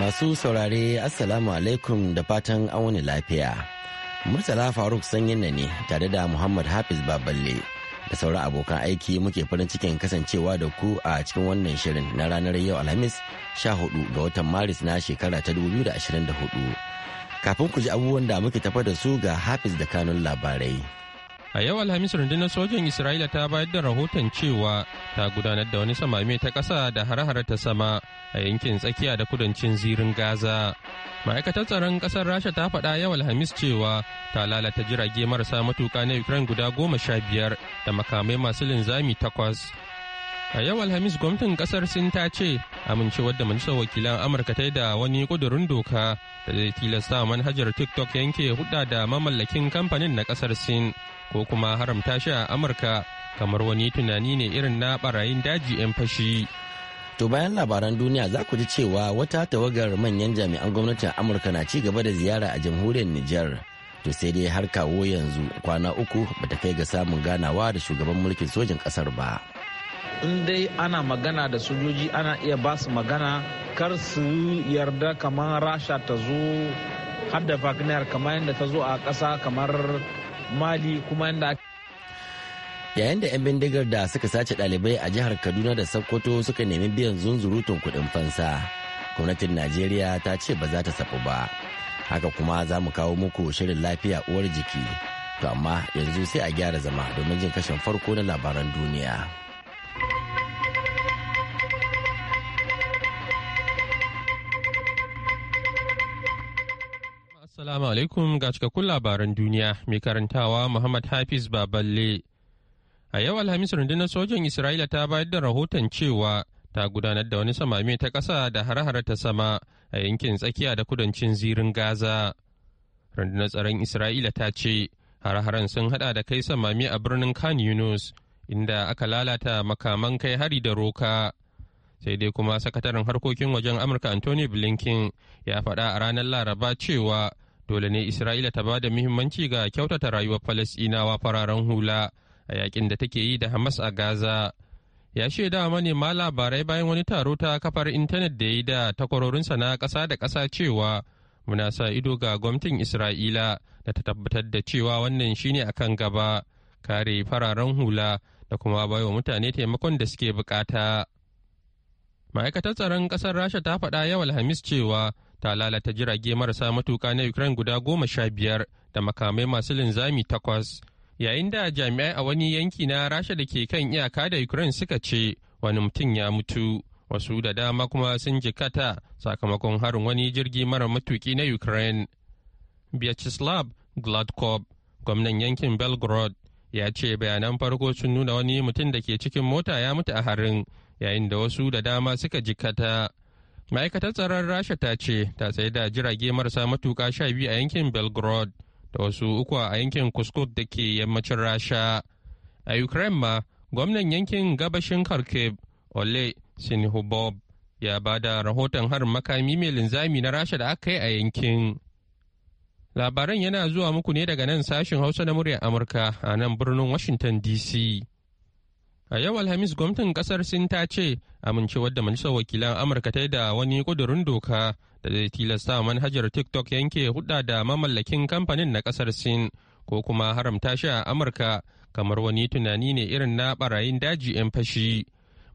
Masu saurare Assalamu alaikum da fatan an wani lafiya. Murtala Faruk sanyin na ne tare da Muhammad Hafiz Baballe da sauran abokan aiki muke farin cikin kasancewa da ku a cikin wannan shirin na ranar yau Alhamis 14 ga watan Maris na shekara ta 2024. Kafin ku ji abubuwan da muke tafa da su ga Hafiz da kanun labarai. A yau Alhamis rundunar sojan Isra'ila ta bayar da rahoton cewa ta gudanar da wani mai ta ƙasa da har-har ta sama a yankin tsakiya da kudancin zirin gaza ma'aikatar tsaron ƙasar rasha ta faɗa yau alhamis cewa ta lalata jirage marasa matuƙa na ukraine guda goma sha biyar da makamai masu linzami takwas a yau alhamis gwamnatin ƙasar sin ta ce amincewar da majalisar wakilan amurka ta yi da wani ƙudurin doka da zai tilasta manhajar tiktok yanke hudda da mamallakin kamfanin na ƙasar sin ko kuma haramta shi a amurka kamar wani tunani ne irin na barayin daji 'yan fashi. To bayan labaran duniya za ku ji cewa wata tawagar manyan jami'an gwamnatin Amurka na ci gaba da ziyara a jamhuriyar Nijar. To sai dai har kawo yanzu kwana uku bata kai ga samun ganawa da shugaban mulkin sojin kasar ba. In dai ana magana da sojoji ana iya ba su magana kar su yarda kamar rasha ta zo hadda da Wagner kamar yadda ta zo a ƙasa kamar Mali kuma yadda ake. yayin da 'yan bindigar da suka sace ɗalibai a jihar kaduna da sokoto suka nemi biyan zunzurutun kuɗin fansa gwamnatin najeriya ta ce ba za ta sabu ba haka kuma za mu kawo muku shirin lafiya uwar jiki to amma yanzu sai a gyara zama domin jin kashin farko na labaran duniya Assalamu alaikum ga cikakkun labaran duniya mai karantawa Muhammad Hafiz Baballe. A yau Alhamis rundunar sojan Isra'ila ta bayar da rahoton cewa ta gudanar da wani samami ta ƙasa da hare-hare ta sama a yankin tsakiya da kudancin zirin Gaza. Rundunar tsaron Isra'ila ta ce har haren sun haɗa da kai samami a birnin Khan Yunus inda aka lalata makaman kai hari da roka. Sai dai kuma sakataren harkokin wajen Amurka Anthony Blinken ya faɗa a ranar Laraba cewa dole ne Isra'ila ta ba da muhimmanci ga kyautata rayuwar Falasɗinawa fararen hula. a yakin da take yi da Hamas a Gaza. Ya shaida ma labarai bayan wani taro ta kafar intanet da ya yi da takwarorinsa na kasa da kasa cewa muna sa ido ga gwamnatin Isra'ila da ta tabbatar da cewa wannan shine akan gaba kare fararen hula da kuma baiwa mutane taimakon da suke bukata. Ma'aikatar tsaron ƙasar Rasha ta faɗa yau Alhamis cewa ta lalata jirage marasa matuka na Ukraine guda goma sha biyar da makamai masu linzami takwas yayin da jami'ai a wani yanki na rasha da ke kan iyaka da ukraine suka ce wani mutum ya mutu wasu da dama kuma sun jikata sakamakon harin wani jirgi mara matuki na ukraine vyacheslav gladkov gwamnan yankin belgrade ya ce bayanan farko sun nuna wani mutum da ke cikin mota ya mutu a harin yayin da wasu da dama suka jikata ma'aikatar tsaron rasha ta ce ta tsaye da jirage marasa matuka sha biyu a yankin belgrade da wasu uku a yankin Kuskuk da ke yammacin Rasha. A Ukraine ma, gwamnan yankin gabashin Kharkiv, Ole Sinihubov ya ba da rahoton harin makami mai linzami na Rasha da aka yi a yankin. Labaran yana zuwa muku ne daga nan sashin Hausa na muryar Amurka a nan birnin Washington DC. A yau Alhamis gwamnatin kasar Sin ta ce amincewar da Majalisar Wakilan Amurka ta yi da wani kudurin doka da zai tilasta manhajar TikTok yanke hudda da mamallakin kamfanin na kasar Sin ko kuma haramta shi a Amurka kamar wani tunani ne irin na barayin daji 'yan fashi.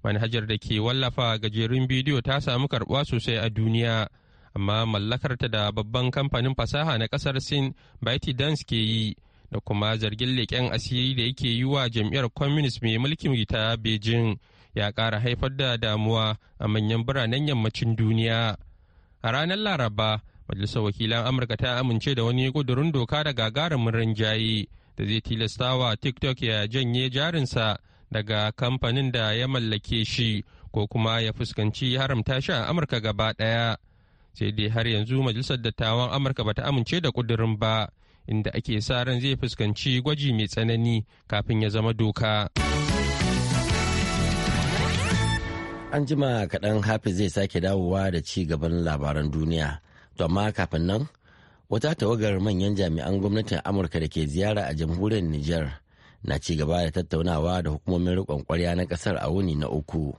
Manhajar da ke wallafa gajerun bidiyo ta samu karbuwa sosai a duniya, amma mallakarta da babban kamfanin fasaha na kasar Sin dance ke yi da kuma zargin leƙen asiri da yake yi wa jam'iyyar Communist mai mulkin ta Beijing ya ƙara haifar da damuwa a manyan biranen yammacin duniya. a ranar laraba majalisar wakilan amurka ta amince da wani kudurin doka da gagarumin rinjaye da zai tilastawa tiktok ya janye jarinsa daga kamfanin da ya mallake shi ko kuma ya fuskanci haramta shi a amurka gaba ɗaya sai dai har yanzu majalisar dattawan amurka ba ta amince da kudurin ba inda ake sa ran zai fuskanci gwaji mai tsanani kafin ya zama doka. an jima kaɗan Hafi zai sake dawowa da ci gaban labaran duniya to amma kafin nan wata tawagar manyan jami'an gwamnatin amurka da ke ziyara a jamhuriyar niger na ci gaba da tattaunawa da hukumomin riƙon kwarya na ƙasar a wuni na uku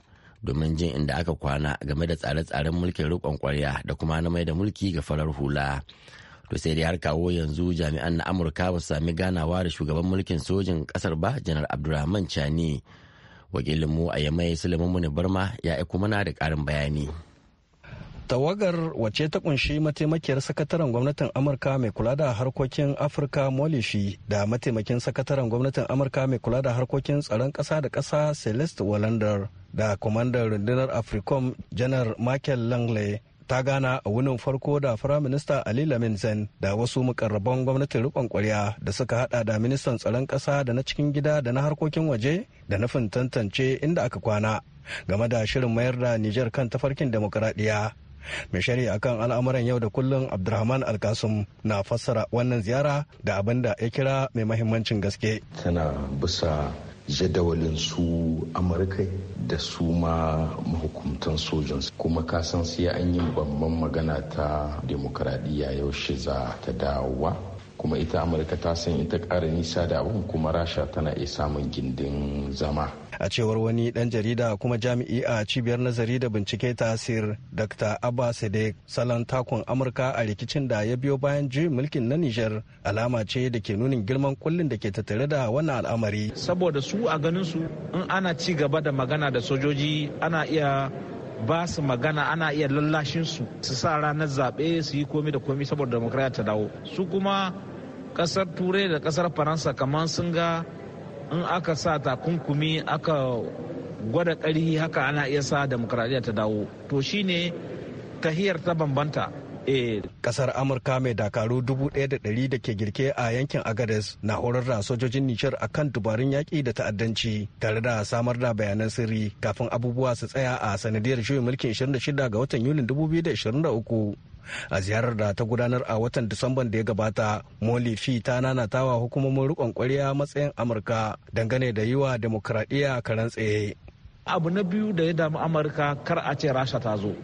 domin jin inda aka kwana game da tsare-tsaren mulkin riƙon kwarya da kuma na mai da mulki ga farar hula to sai dai har kawo yanzu jami'an na amurka ba su sami ganawa da shugaban mulkin sojin ƙasar ba janar abdulrahman chani wakilinmu a yamai sulaiman barma ya aiko mana da karin bayani tawagar wace ta kunshi mataimakiyar sakataren gwamnatin amurka mai kula da harkokin afirka molishi da mataimakin sakataren gwamnatin amurka mai kula da harkokin tsaron kasa da kasa celeste wallander da kwamandan rundunar africom janar michael langley ta gana a wunin farko da firaminista ali lamin zen da wasu mukarraban gwamnatin rikon kwarya da suka hada da ministan tsaron ƙasa da na cikin gida da na harkokin waje da nufin tantance inda aka kwana game da shirin mayar da nijar kan tafarkin demokuraɗiyya mai shari'a kan al'amuran yau da kullum abdulrahman alkasum na fassara wannan ziyara da abin da ya kira mai mahimmancin gaske tana bisa jadawalin su amurka da su ma mahukumtan sojan kuma ka san sai an yi babban magana ta demokradiyya yaushe za ta dawowa kuma ita amurka ta san ita kara nisa da abin kuma rasha tana iya samun gindin zama a cewar wani dan jarida kuma jami'i a cibiyar nazari da bincike ta tasir dr abba sadek salon takon amurka a rikicin da ya biyo bayan juyin mulkin na niger alama ce da ke nunin girman kullum da ke tattare da wannan al'amari saboda su a ganin su in ana ci gaba da magana da sojoji ana iya ba su magana ana iya lallashin su su sa ranar zaɓe su yi komi da komi saboda demokradiyya ta dawo su kuma kasar turai da kasar faransa kamar sun ga in aka sa takunkumi aka gwada ƙarhi haka ana iya sa demokradiyya ta dawo to shine tahiyar ta bambanta eh. kasar amurka mai dakaru 1,100 da ke girke a yankin agades na horar da sojojin nishar a kan dubarun yaƙi da ta'addanci tare da samar da bayanan sirri kafin abubuwa su tsaya a sanadiyar shirin mulkin 26 ga watan yulin 2023 a ziyarar da ta gudanar a watan disamban da ya gabata molly molifi ta nanatawa hukumomin rikon kwarya matsayin amurka dangane da yiwa demokradiyya karan tsaye abu na biyu da ya damu amurka kar a ce rasha ta zo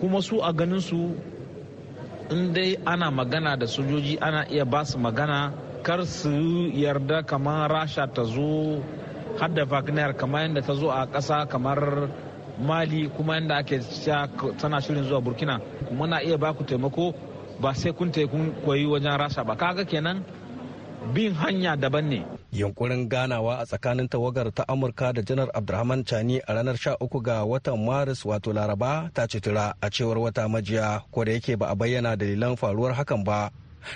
kuma su a ganin su in dai ana magana da sojoji ana iya ba su magana kar su yarda kamar rasha ta zo hadda wagner kamar yadda ta zo a ƙasa kamar mali kuma yadda ake tana shirin zuwa burkina kuma na iya baku taimako ba sai kun kun koyi wajen rasa ba kaga kenan bin hanya daban ne yunkurin ganawa a tsakanin tawagar ta amurka da janar abdulrahman chani a ranar 13 ga watan maris wato laraba ta tura a cewar wata majiya ko da yake ba a bayyana dalilan faruwar hakan ba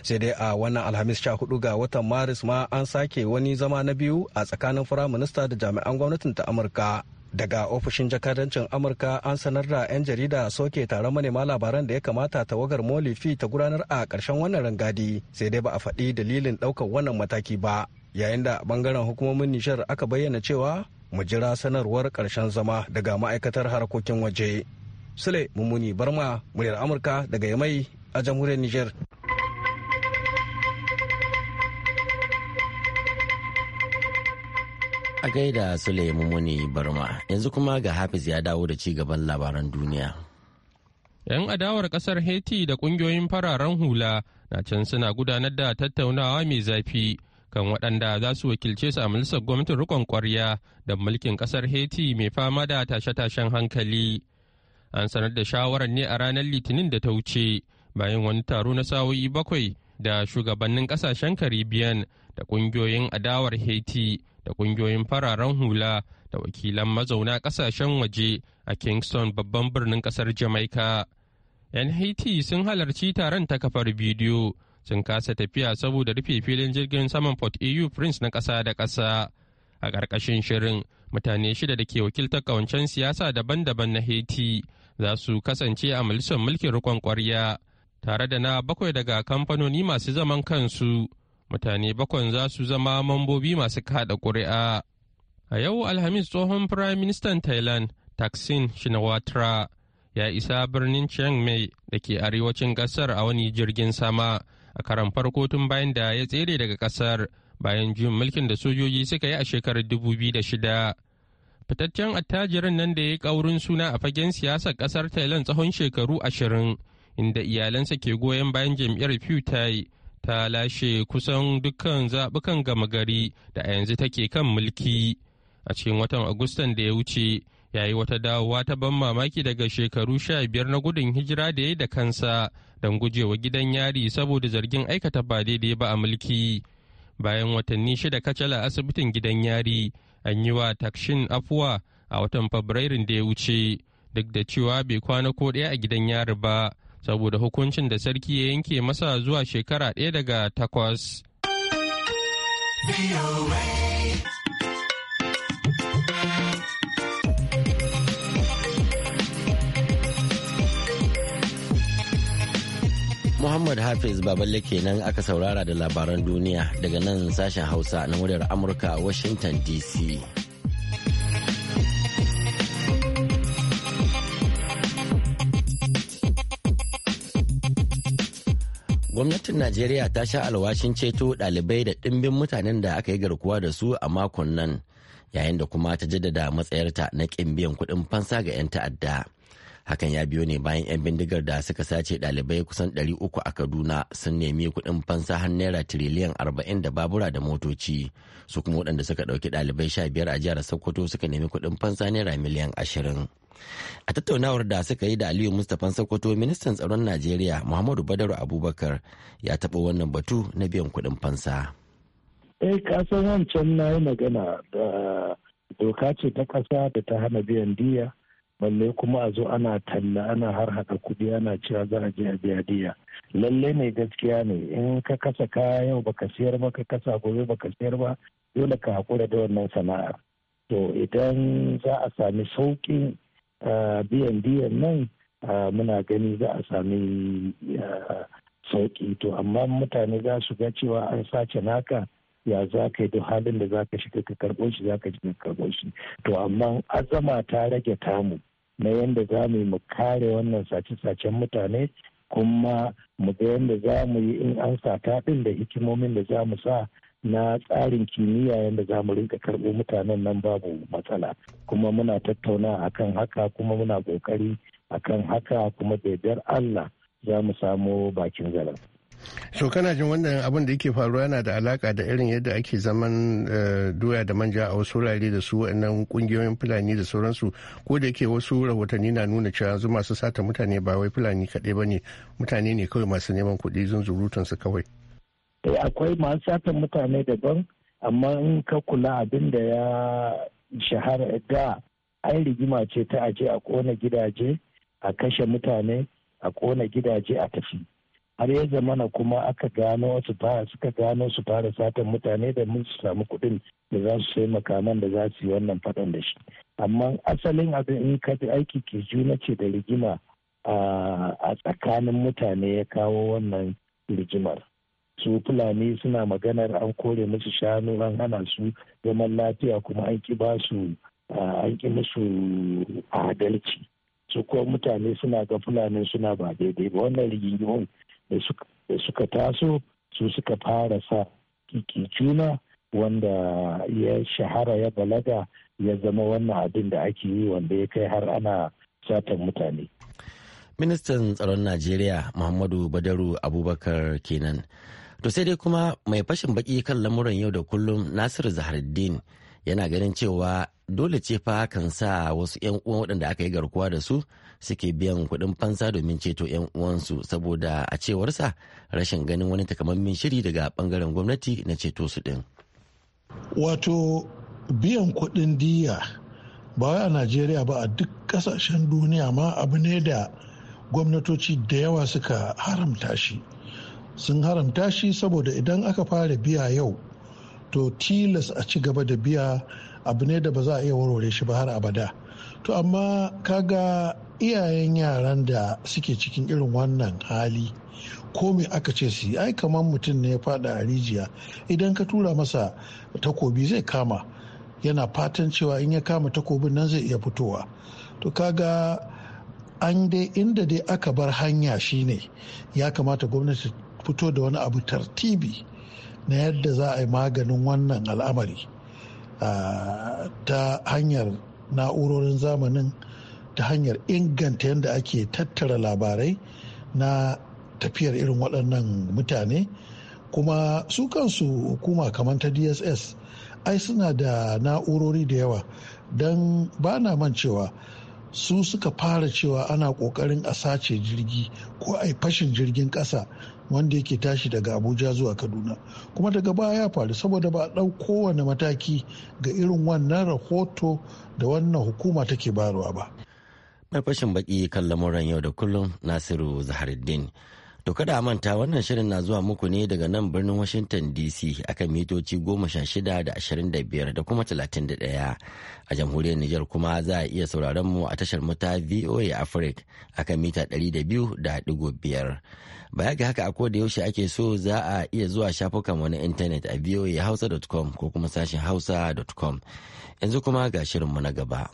sai dai a wannan alhamis 14 ga watan maris ma an sake wani zama na biyu a tsakanin firaminista da jami'an gwamnatin ta amurka daga ofishin jakadancin amurka an sanar da 'yan jarida soke taron manema labaran da ya kamata tawagar molifi ta gudanar a ƙarshen wannan rangadi sai dai ba a faɗi dalilin ɗaukar wannan mataki ba yayin da bangaren hukumomin nishar aka bayyana cewa mu jira sanarwar ƙarshen zama daga ma'aikatar harkokin waje sule mummuni barma muryar amurka daga yamai a jamhuriyar nijar A gaida Sulaiman Muni Barma, yanzu kuma ga Hafiz ya dawo da ci gaban labaran duniya. 'Yan adawar kasar Haiti da kungiyoyin fararen hula na can suna gudanar da tattaunawa mai zafi kan waɗanda za su wakilce su a majalisar gwamnatin rikon kwarya da mulkin kasar Haiti mai fama da tashe-tashen hankali. An sanar da shawarar ne a ranar Litinin da ta wuce bayan wani taro na sa'o'i bakwai da shugabannin ƙasashen Caribbean da kungiyoyin adawar Haiti da kungiyoyin fararen hula da wakilan mazauna kasashen waje a kingston babban birnin kasar jamaika yan haiti sun halarci taron ta kafar bidiyo sun kasa tafiya saboda rufe filin jirgin saman port eu prince na kasa da kasa a ƙarƙashin shirin mutane shida da ke wakiltar ƙawancen siyasa daban-daban na haiti za su kasance a majalisar mulkin riƙon ƙwarya tare da na bakwai daga kamfanoni masu zaman kansu mutane bakwan za su zama mambobi masu kada ƙuri'a. A yau Alhamis tsohon Firayim Ministan Thailand Taksin Shinawatra ya isa birnin Chiang Mai da ke arewacin ƙasar a wani jirgin sama a karan farko tun bayan da ya tsere daga ƙasar bayan juyin mulkin da sojoji suka yi a shekarar 2006. Fitaccen attajirin nan da ya yi ƙaurin suna a fagen siyasar ƙasar Thailand tsawon shekaru ashirin inda iyalansa ke goyon bayan jam'iyyar Pew ta lashe kusan dukkan zaɓukan gama gari da a yanzu take kan mulki a cikin watan agustan da ya wuce yi wata dawowa ta ban mamaki daga shekaru sha biyar na gudun hijira da ya yi da kansa don gujewa gidan yari saboda zargin aikata ba daidai ba a mulki bayan watanni shida kacala asibitin gidan yari an yi wa takshin afuwa a watan fabrairun da ya wuce duk da cewa bai kwana ko ɗaya a gidan yari ba saboda hukuncin da sarki ya yanke masa zuwa shekara ɗaya daga takwas. Muhammad Hafiz Baballe kenan aka saurara da labaran duniya daga nan sashen Hausa na muryar Amurka a Washington DC. Gwamnatin Najeriya ta sha alwashin ceto ɗalibai da ɗimbin mutanen da aka yi garkuwa da su a makon nan, yayin da kuma ta jaddada matsayarta na ƙin biyan kuɗin fansa ga 'yan ta'adda. hakan ya biyo ne bayan 'yan bindigar da suka sace ɗalibai kusan 300 a kaduna sun nemi kuɗin fansa har naira tiriliyan 40 da babura da motoci su kuma waɗanda suka ɗauki ɗalibai 15 a jihar sokoto suka nemi kuɗin fansa naira miliyan 20 a tattaunawar da suka yi da aliyu mustapha sokoto ministan tsaron najeriya muhammadu badaru abubakar ya taɓa wannan batu na biyan kuɗin fansa eh kasan wancan na yi magana da doka ce ta ƙasa da ta hana biyan diya balle kuma a zo ana talla ana har haka kuɗi ana cewa za a je a biya diya lalle ne gaskiya ne in ka kasa kaya yau baka siyar ba ka kasa gobe baka siyar ba dole ka hakura da wannan sana'ar to idan za a sami sauƙin ah, biyan diyan nan ah, muna gani za a sami ah, sauƙi to amma mutane za su ga cewa an sace naka ya za ka yi duk halin da za ka shiga ka karɓo shi za ka shiga ka karɓo shi to amma azama ta rage tamu na yadda za mu yi mu kare wannan sace-sacen mutane kuma mu ga yadda za mu yi in an sata ɗin da hikimomin da za mu sa na tsarin kimiyya yadda za mu rinka karɓo mutanen nan babu matsala kuma muna tattauna akan haka kuma muna ƙoƙari akan haka kuma da Allah za mu samo bakin zaren. so kana jin wannan abin da yake faruwa yana da alaka da irin yadda ake zaman eh, doya da manja a wasu wurare da su waannan kungiyoyin fulani da sauransu ko da yake wasu rahotanni na nuna cewa yanzu masu sata mutane ba wai fulani kaɗai ba ne mutane ne kawai masu neman kuɗi zurutun su kawai eh, akwai masu sata mutane daban amma in ka kula abin da ya shahara da ai rigima ce ta aje a kona gidaje a kashe mutane a kona gidaje a tafi har ya zamana kuma aka gano su fara suka gano su fara satan mutane da mun su samu kuɗin da za su sai makaman da za su yi wannan faɗan da shi amma asalin abin in ka aiki ke juna ce da rigima a tsakanin mutane ya kawo wannan rigimar su fulani suna maganar an kore musu shanu an hana su zaman lafiya kuma an ki ba an ki musu adalci su kuma mutane suna ga fulani suna ba daidai ba wannan rigingi. da suka taso su suka fara sa kiki juna wanda ya shahara ya balaga ya zama wannan abin da ake yi wanda ya kai har ana satan mutane. Ministan tsaron Najeriya Muhammadu Badaru Abubakar kenan. To sai dai kuma mai fashin baki kan lamuran yau da kullum Nasir Zaharuddin yana ganin cewa dole ce fa kan sa wasu 'yan uwan waɗanda aka yi garkuwa da su suke biyan kuɗin fansa domin ceto 'yan uwansu saboda a cewarsa rashin ganin wani takamammin shiri daga ɓangaren gwamnati na ceto su ɗin. wato biyan kuɗin diya ba wai a najeriya ba a duk ƙasashen duniya ma abu ne da gwamnatoci da yawa suka haramta shi sun haramta shi saboda idan aka fara biya yau to tilas a ci gaba da biya abu ne da ba za a iya warware shi ba har abada to amma kaga iyayen yaran da suke cikin irin wannan hali ko me aka ce su ai kamar mutum ne ya fada a rijiya idan ka tura masa takobi zai kama yana fatan cewa in ya kama takobin nan zai iya fitowa to kaga an dai inda dai aka bar hanya shine ya kamata gwamnati fito da wani abu tartibi na yadda za a yi maganin wannan al'amari ta hanyar na'urorin zamanin ta hanyar inganta yadda ake tattara labarai na tafiyar irin waɗannan mutane kuma su kansu hukuma kamar ta dss ai suna da na'urori da yawa don ba na man cewa su suka fara cewa ana ƙoƙarin a sace jirgi ko a fashin jirgin ƙasa wanda yake tashi daga abuja zuwa kaduna kuma daga baya ya faru saboda ba a ɗau kowane mataki ga irin wannan rahoto da wannan hukuma take bayarwa ba mai fashin baki kan lamuran yau da kullum nasiru zaharuddin To kada a manta wannan shirin na zuwa muku ne daga nan birnin Washington DC akan mitoci goma sha shida da ashirin da biyar da kuma talatin da ɗaya. A jamhuriyar Nijar kuma za a iya sauraron mu a tashar muta VOA Africa akan mita ɗari da biyu da ɗigo biyar. Baya ga haka a koda yaushe ake so za a iya zuwa shafukan wani intanet a voahausa.com ko kuma sashen hausa.com. Yanzu kuma ga shirinmu na gaba.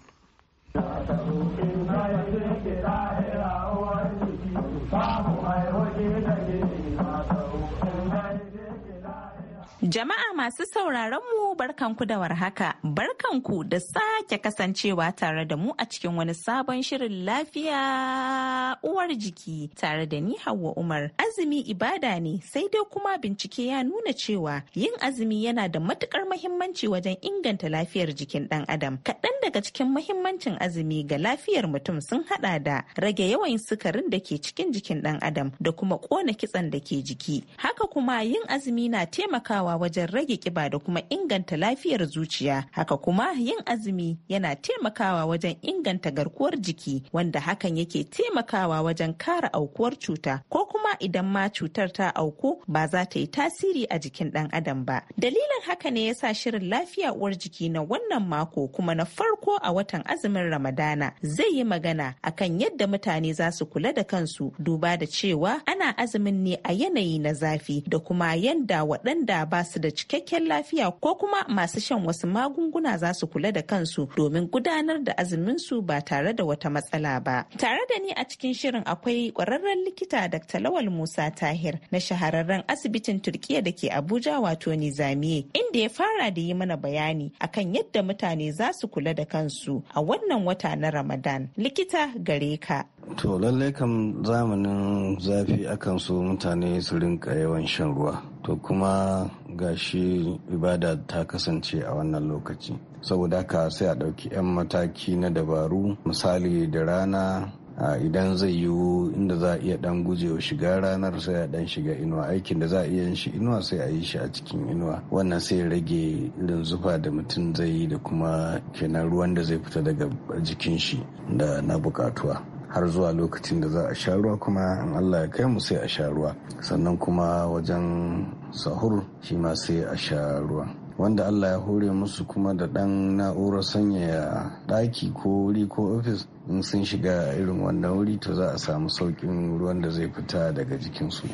Jama'a masu sauraron mu barkanku da warhaka, barkanku da sake kasancewa tare da mu a cikin wani sabon shirin lafiya uwar jiki tare da ni Hauwa Umar. Azumi ibada ne sai dai kuma bincike ya nuna cewa yin azumi yana da matukar mahimmanci wajen inganta lafiyar jikin ɗan adam. Kaɗan daga cikin mahimmancin azumi ga lafiyar mutum sun haɗa da rage yawan sukarin da ke cikin jikin ɗan adam da kuma ƙona kitsen da ke jiki. Haka kuma yin azumi na taimakawa wajen rage kiba da kuma inganta lafiyar zuciya. Haka kuma yin azumi yana taimakawa wajen inganta garkuwar jiki wanda hakan yake taimakawa wajen kara aukuwar cuta ko kuma idan ma cutar ta auku ba za ta yi tasiri a jikin ɗan adam ba. Dalilin haka ne yasa shirin lafiya uwar jiki na wannan mako kuma na farko a watan azumin Ramadana zai yi magana akan yadda mutane za su kula da kansu duba da cewa ana azumin ne a yanayi na zafi da kuma yanda waɗanda ba su da cikakken lafiya ko kuma masu shan wasu magunguna za su kula da kansu domin gudanar da azumin su ba tare da wata matsala ba. Tare da ni a cikin shirin akwai kwararren likita Dr. Lawal Musa Tahir na shahararren asibitin Turkiya da ke Abuja wato Nizamiye inda ya fara da yi mana bayani akan yadda mutane za su kula da kansu a wannan wata na Ramadan. Likita gare ka. To lallai kam zamanin zafi akan so mutane su rinka yawan shan ruwa. To kuma gashi ibada ta kasance a wannan lokaci saboda haka sai a ɗauki 'yan mataki na dabaru misali da rana a idan zai yiwu inda za a iya dan gujewa shiga ranar sai a dan shiga inuwa aikin da za a iya yin shi inuwa sai a yi shi a cikin inuwa wannan sai rage irin zufa da mutum zai yi da kuma kenan ruwan da zai fita daga jikin shi da na bukatuwa har zuwa lokacin da za a sha ruwa kuma in Allah ya kai mu sai a sha ruwa sannan kuma wajen sahur shi ma sai a sha ruwa wanda Allah ya hore musu kuma da ɗan na'urar sanyaya ɗaki ko wuri ko ofis in sun shiga irin wannan wuri to za a samu sauƙin ruwan da zai fita daga jikinsu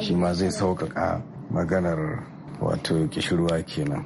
shi ma zai sauƙaƙa maganar wato kishirwa kenan.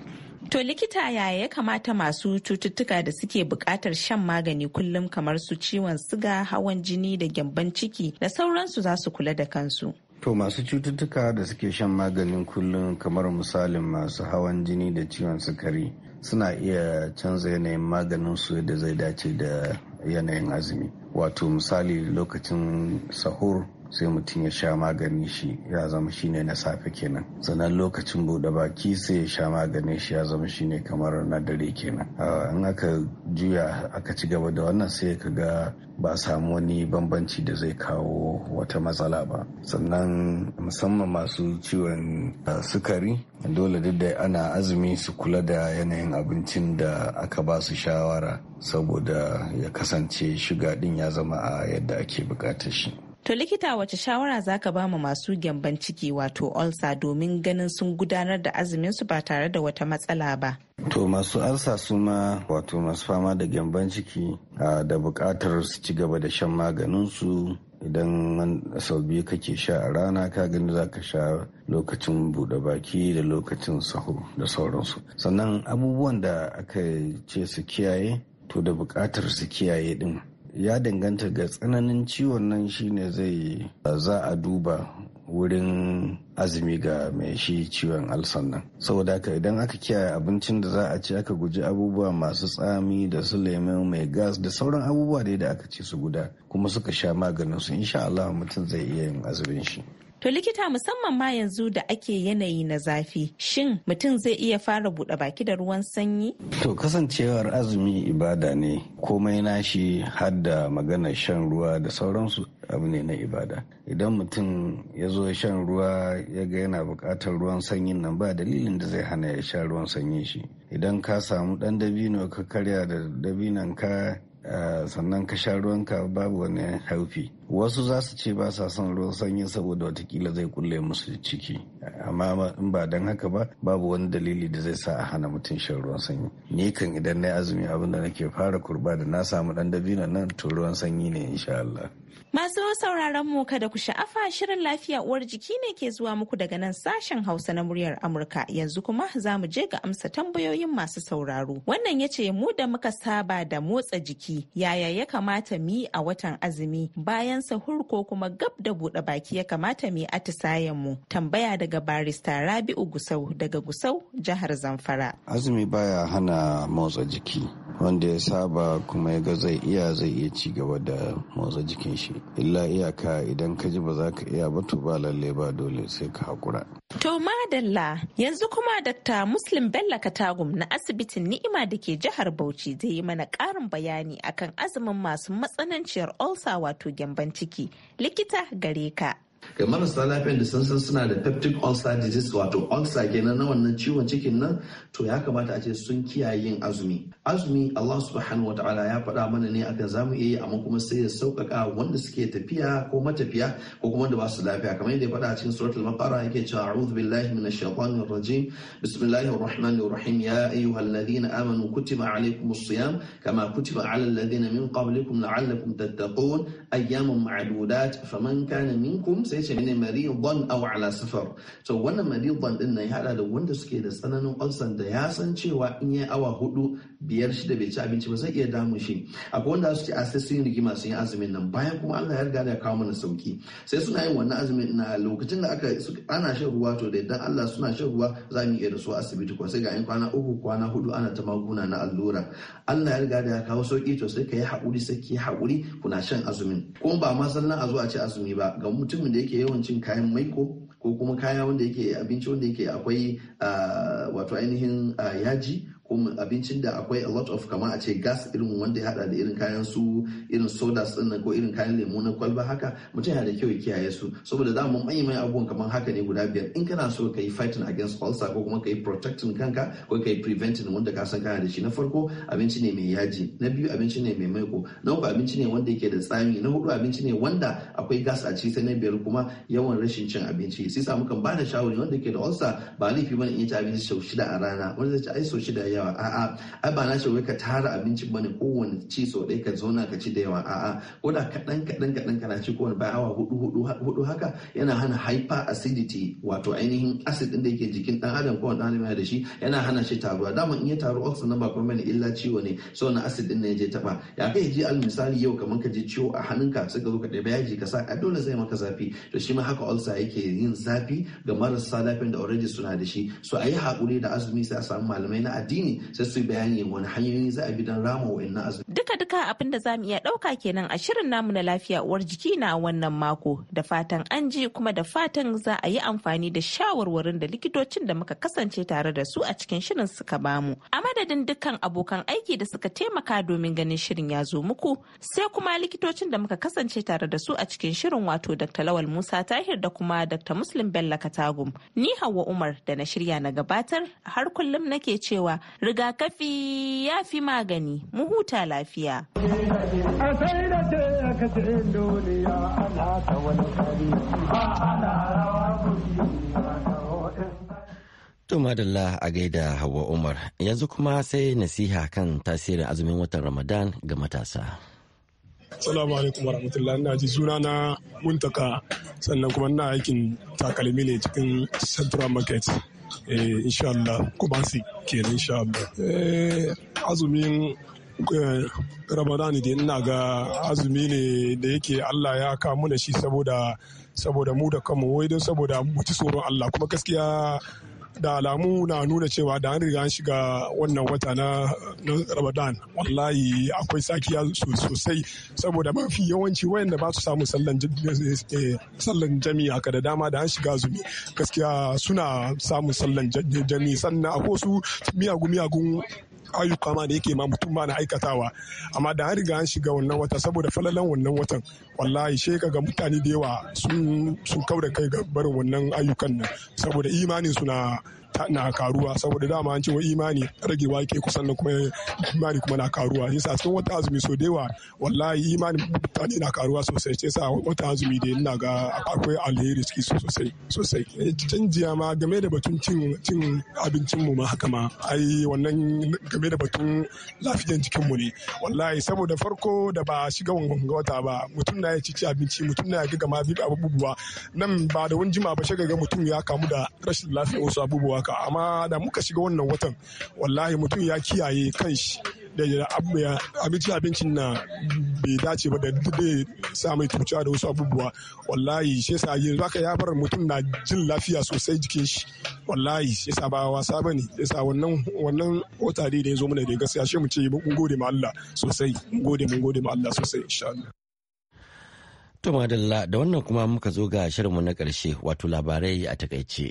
To likita yaya ya kamata masu cututtuka da suke buƙatar shan magani kullum kamar su ciwon siga, hawan jini da gyamban ciki da sauransu za su kula da kansu. To masu cututtuka da suke shan maganin kullum kamar misalin masu hawan jini da ciwon sukari suna iya canza yanayin maganin su yadda zai dace da yanayin azumi. Wato misali lokacin sahur sai mutum ya sha maganin shi ya zama shine na safe kenan sannan lokacin bude baki sai ya sha maganin shi ya zama shine kamar na dare kenan ah, in aka juya aka ci gaba da wannan sai ka ga ba samu wani bambanci da zai kawo wata matsala ba sannan musamman masu ciwon ah, sukari dole duk da ana azumi su kula da yanayin abincin da aka ba su shawara saboda ya kasance shiga din ya zama a yadda ake bukatar shi To likita wace shawara za ka ba mu masu gyamban ciki wato ulcer domin ganin sun gudanar da azumin su ba tare da wata matsala ba? To masu alsa su ma wato masu fama da gyamban ciki da bukatar su ci gaba da shan maganin su idan sau biyu kake sha a rana ka gani za ka sha lokacin buɗe baki da lokacin saho da sauransu sannan abubuwan da aka ce su kiyaye to da bukatar su kiyaye din ya danganta ga tsananin ciwon nan shine zai za a duba wurin azumi ga mai shi ciwon alsan nan saboda haka idan aka kiyaye abincin da za a ci aka guji abubuwa masu tsami da su lemon mai gas da sauran abubuwa da aka ce su guda kuma suka sha maganin su insha Allah mutum zai iya yin azumin shi To likita musamman ma yanzu da ake yanayi na zafi, shin mutum zai iya fara buɗe baki da ruwan sanyi? To kasancewar azumi ibada ne, komai nashi har da maganar shan ruwa da sauransu abu ne na ibada. Idan mutum ya zo shan ruwa ya ga yana buƙatar ruwan sanyin nan ba dalilin da zai hana ya sha ruwan sanyin shi. Idan ka samu ɗan dabino ka karya da dabinon ka Eh, sannan ka sha ruwanka babu wani haufi wasu za su ce ba sa son ruwan sanyi saboda watakila zai kulle musu ciki amma in ba don haka ba babu wani dalili da zai sa a hana mutum shan ruwan sanyi ni kan idan na azumi abin da nake fara kurba da na samu dan dabino nan to ruwan sanyi ne insha Allah Masu sauraron mu kada ku sha'afa shirin lafiya uwar jiki ne ke zuwa muku daga nan sashen Hausa na muryar Amurka yanzu kuma za mu je ga amsa tambayoyin masu sauraro. Wannan ya ce mu da muka saba da motsa jiki yaya ya kamata mi a watan azumi bayan sahur ko kuma gab da buɗe baki ya kamata mi a atisayen mu. Tambaya daga barista Rabi'u Gusau daga Gusau jihar Zamfara. Azumi baya hana motsa jiki wanda ya saba kuma ya ga zai iya zai iya ci gaba da motsa jikin shi. shi illa iyaka idan ka ji ba za ka iya ba to ba lalle ba dole sai ka hakura to madalla yanzu kuma dakta muslim bello katagum na asibitin ni'ima da ke jihar bauchi zai yi mana karin bayani akan azumin masu matsananciyar ulcer wato gyamban ciki likita gare ka ga marasa lafiyan da sun san suna da peptic ulcer disease wato ulcer kenan na wannan ciwon cikin nan to ya kamata a ce sun kiyaye yin azumi azumi Allah subhanahu wa ta'ala ya faɗa mana ne akan zamu iya yi amma kuma sai ya sauƙaƙa wanda suke tafiya ko matafiya ko kuma da ba su lafiya kamar yadda ya faɗa a cikin suratul baqara yake cewa a'udhu billahi minash shaitanir rajim bismillahir rahmanir rahim ya ayyuhalladhina amanu kutiba alaykumus siyam kama kutiba alal ladhina min qablikum la'allakum tattaqun ayyamun ma'dudat faman kana minkum sai ce min maridan aw ala safar to wannan maridan din nan ya hada da wanda suke da tsananin ulcer da ya san cewa in yi awa hudu biyar biyar shida bai ci abinci ba zai iya damun shi akwai wanda su ce a ah, sai sun rigima sun yi azumin nan bayan kuma Allah ya riga da kawo mana sauki sai suna yin wannan azumin na lokacin da aka ana shan ruwa to da idan Allah suna shan ruwa za mu iya su asibiti ko sai ga in kwana uku kwana hudu ana ta maguna na allura Allah ya riga da ya kawo sauki to sai ka yi haƙuri sai ki haƙuri kuna shan azumin Ko ba ma sallan a zuwa ci azumi ba ga mutumin da yake yawan cin kayan maiko ko kuma kaya wanda yake abinci wanda yake akwai ah, wato ainihin ah, yaji Ko abincin da akwai a lot of kama a ce gas irin wanda ya hada da irin kayan su irin sodas sun ko irin kayan lemu na kwalba haka mutum yana da kyau ya kiyaye su saboda za mu manya manyan abubuwan kamar haka ne guda biyar in kana so ka yi fighting against ulcer ko kuma ka yi protecting kanka ko ka yi preventing wanda ka san kana da shi na farko abinci ne mai yaji na biyu abinci ne mai maiko na uku abinci ne wanda yake da tsami na hudu abinci ne wanda akwai gas a ciki sai na biyar kuma yawan rashin cin abinci sai sa mukan ba da shawari wanda yake da ulcer ba laifi bane in ya ci abinci sau shida a rana wanda zai ci ai sau shida ya yawa a'a ai ba na wai ka tara abinci bane kowane ci so ɗaya ka zauna ka ci da yawa a'a ko da kaɗan kaɗan kaɗan kana ci kowane ba awa hudu hudu hudu haka yana hana hyper acidity wato ainihin acid ɗin da yake jikin ɗan adam ko wani adam da shi yana hana shi taruwa dama in ya taru oxygen na ba kuma mai illa ciwo ne so na acid ɗin ne ya je taɓa ya kai ji al misali yau kamar ka ji ciwo a hannunka sai ka zo ka ɗaya yaji ka sa a dole zai maka zafi to shi ma haka ulcer yake yin zafi ga marasa lafiyan da already suna da shi so a yi haƙuri da azumi sai a samu malamai na addini ne sai su bayani wani hanyoyi za a bi don rama inna azumi. Duka duka abin da za mu iya ɗauka kenan a shirin namu na lafiya uwar jiki na wannan mako da fatan an ji kuma da fatan za a yi amfani da shawarwarin da likitocin da muka kasance tare da su a cikin shirin suka bamu. A madadin dukkan abokan aiki da suka taimaka domin ganin shirin ya zo muku sai kuma likitocin da muka kasance tare da su a cikin shirin wato Dr. Lawal Musa Tahir da kuma Dr. Muslim Bello Katagum. Ni Hauwa Umar da na shirya na gabatar har kullum nake cewa rigakafi ya fi magani mu huta lafiya To madalla a gaida Hauwa Umar yanzu kuma sai nasiha kan tasirin azumin watan Ramadan ga matasa. Salamu alaikum wa rahmatullah ina ji suna na muntaka sannan kuma ina aikin takalmi ne cikin Central Market. Eh, insha Allah su kenan insha Allah eh, azumin eh, ramadani da ina ga azumi ne da yake Allah ya kamuna shi saboda saboda mu da kanmu wai don saboda mu ci tsoron Allah kuma gaskiya da alamu na nuna cewa da an riga an shiga wannan wata na ramadan wallahi akwai sakiya sosai saboda mafi yawanci wayanda ba su samu sallan eh, jami'a haka da dama da an shiga zumi gaskiya suna samun sallan jami'a sannan akwai su miyagun miyagun ayyuka ma da yake ma mutum ma na aikatawa amma da an riga an shiga wannan wata saboda falalan wannan watan wallahi she ga mutane da yawa sun kau kai ga barin wannan ayyukan nan saboda imanin su na na karuwa saboda dama an ce wa imani rage wake kusan na kuma imani kuma na karuwa yasa cikin wata azumi so da yawa wallahi imani mutane na karuwa sosai ce sa wata azumi da ina ga akwai alheri suke sosai sosai eh, canjiya ma game da batun cin cin abincin mu ma haka ma ai wannan game da batun lafiyan jikin mu ne wallahi saboda farko da ba shiga wanga wata ba mutum na ya ci abinci mutum na ya ga gama abubuwa nan ba da wani jima ba shiga ga mutum ya kamu da rashin lafiyar wasu abubuwa haka amma da muka shiga wannan watan wallahi mutum ya kiyaye kanshi da abinci abincin na bai dace ba da dai sa mai tuciya da wasu abubuwa wallahi shi yasa yanzu haka ya bar mutum na jin lafiya sosai jikin shi wallahi shi yasa ba wasa bane yasa wannan wannan wata da ya zo mana da gaskiya shi mu ce mun gode ma Allah sosai mun gode mun gode ma Allah sosai insha Allah To madalla da wannan kuma muka zo ga shirinmu na karshe wato labarai a takaice.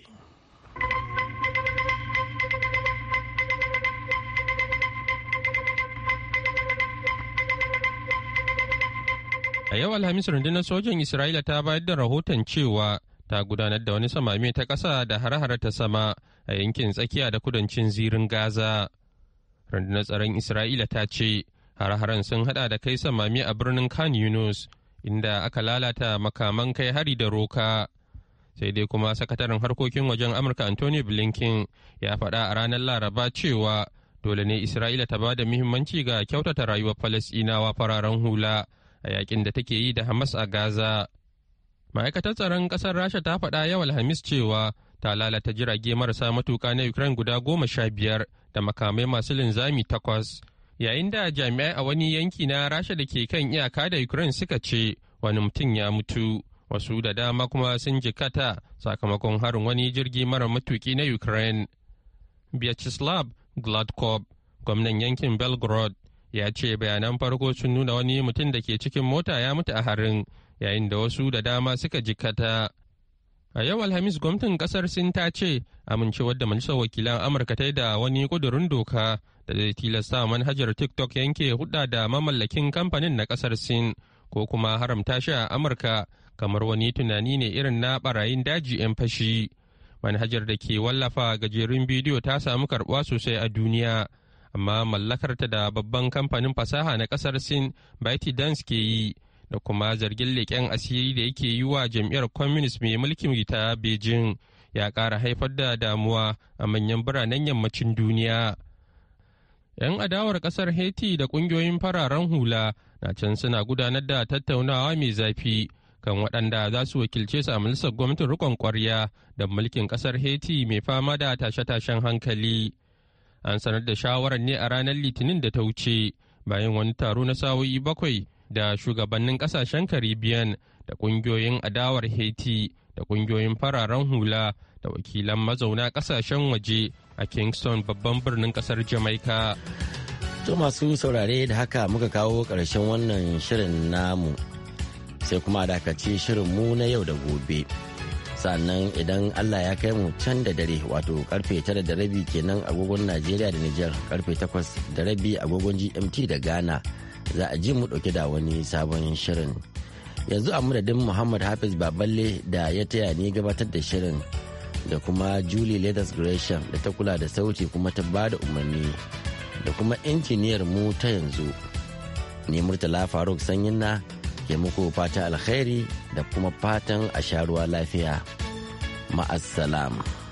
A yau Alhamis rundunar sojan Isra'ila ta bayar da rahoton cewa ta gudanar da wani samame ta ƙasa da har ta sama a yankin tsakiya da kudancin zirin Gaza. Rundunar tsaron Isra'ila ta ce har haren sun hada da kai samame a birnin Khan Yunus inda aka lalata makaman kai hari da roka. Sai dai kuma sakataren harkokin wajen Amurka Anthony Blinken ya faɗa a ranar Laraba cewa dole ne Isra'ila ta ba da muhimmanci ga kyautata rayuwar Falasɗinawa fararen hula. a yakin da take yi da Hamas a Gaza. Ma'aikatar tsaron ƙasar Rasha ta faɗa yau Alhamis cewa ta lalata jirage marasa matuka na Ukraine guda goma sha biyar da makamai masu linzami takwas. Yayin da jami'ai a wani yanki na Rasha da ke kan iyaka da Ukraine suka ce wani mutum ya mutu. Wasu da dama kuma sun jikata sakamakon harin wani jirgi mara matuki na Ukraine. Vyacheslav Gladkov, gwamnan yankin Belgorod, ya ce bayanan farko sun nuna wani mutum da ke cikin mota ya mutu a harin yayin da wasu da dama suka jikata a yau alhamis gwamnatin kasar sin ta ce amincewar da majalisar wakilan amurka ta yi da wani kudurin doka da zai tilasta manhajar tiktok yanke hudda da mamallakin kamfanin na kasar sin ko kuma haramta shi a amurka kamar wani tunani ne irin na barayin daji 'yan fashi manhajar da ke wallafa gajerun bidiyo ta samu karbuwa sosai a duniya amma mallakarta da babban kamfanin fasaha na kasar sin dance ke yi da kuma zargin leƙen asiri da yake yi wa jam'iyyar communist mai mulkin ta beijing ya ƙara haifar da damuwa a manyan biranen yammacin duniya 'yan adawar kasar haiti da ƙungiyoyin fararen hula na can suna gudanar da tattaunawa mai zafi kan waɗanda za su wakilce su a majalisar gwamnatin riƙon kwarya da mulkin kasar haiti mai fama da tashe-tashen hankali. an sanar da shawarar ne a ranar litinin da ta wuce bayan wani taro na sawoyi bakwai da shugabannin kasashen caribbean da kungiyoyin adawar haiti da kungiyoyin fararen hula da wakilan mazauna kasashen waje a kingston babban birnin kasar jamaica to masu saurare da haka muka kawo karshen wannan shirin namu sai kuma shirin mu na yau da gobe. sannan idan allah ya kai mu can da dare wato karfe tara da rabi kenan agogon najeriya da niger karfe takwas da rabi agogon gmt da ghana za a ji mu dauke da wani sabon shirin yanzu a madadin muhammad hafiz baballe da ya taya ni gabatar da shirin da kuma julie leathers gresham da ta kula da sauti kuma ta ba da umarni da kuma injiniyar mu ta yanzu ne murtala faruk sanyin na ke muku fata alkhairi da kuma fatan a sha ruwa lafiya ma'assalam.